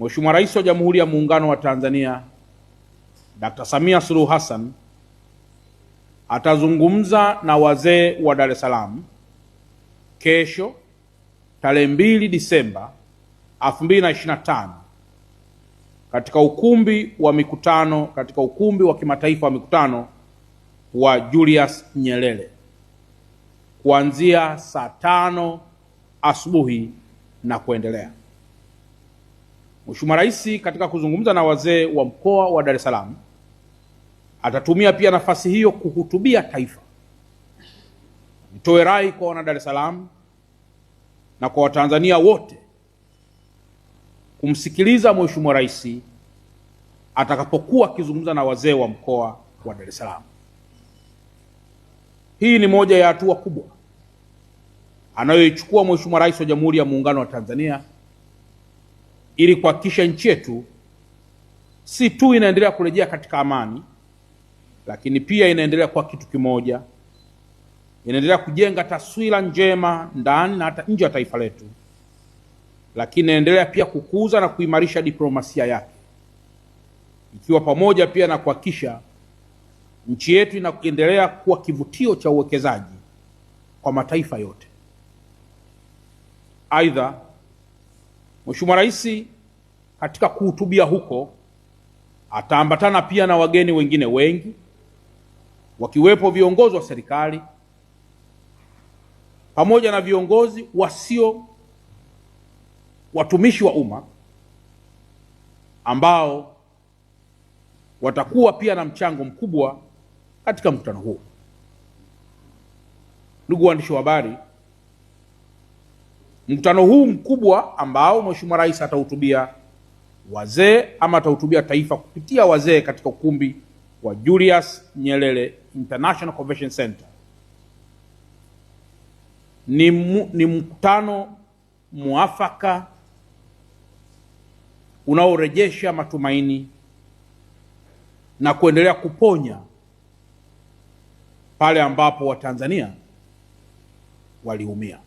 Mheshimiwa Rais wa Jamhuri ya Muungano wa Tanzania Dr. Samia Suluhu Hassan atazungumza na wazee wa Dar es Salaam kesho tarehe 2 Disemba 2025 katika ukumbi wa mikutano katika ukumbi wa kimataifa wa mikutano wa Julius Nyerere kuanzia saa tano asubuhi na kuendelea. Mheshimiwa Rais katika kuzungumza na wazee wa mkoa wa Dar es Salaam atatumia pia nafasi hiyo kuhutubia taifa. Nitoe rai kwa wana Dar es Salaam na kwa Watanzania wote kumsikiliza Mheshimiwa Rais atakapokuwa akizungumza na wazee wa mkoa wa Dar es Salaam. Hii ni moja ya hatua kubwa anayoichukua Mheshimiwa Rais wa Jamhuri ya Muungano wa Tanzania ili kuhakikisha nchi yetu si tu inaendelea kurejea katika amani, lakini pia inaendelea kuwa kitu kimoja, inaendelea kujenga taswira njema ndani na hata nje ya taifa letu, lakini inaendelea pia kukuza na kuimarisha diplomasia yake, ikiwa pamoja pia na kuhakikisha nchi yetu inaendelea kuwa kivutio cha uwekezaji kwa mataifa yote. Aidha, Mheshimiwa Rais katika kuhutubia huko ataambatana pia na wageni wengine wengi wakiwepo viongozi wa serikali pamoja na viongozi wasio watumishi wa umma ambao watakuwa pia na mchango mkubwa katika mkutano huo. Ndugu waandishi wa habari, mkutano huu mkubwa ambao Mheshimiwa Rais atahutubia wazee ama atahutubia taifa kupitia wazee katika ukumbi wa Julius Nyerere International Convention Center. Ni, mu, ni mkutano muafaka unaorejesha matumaini na kuendelea kuponya pale ambapo Watanzania waliumia.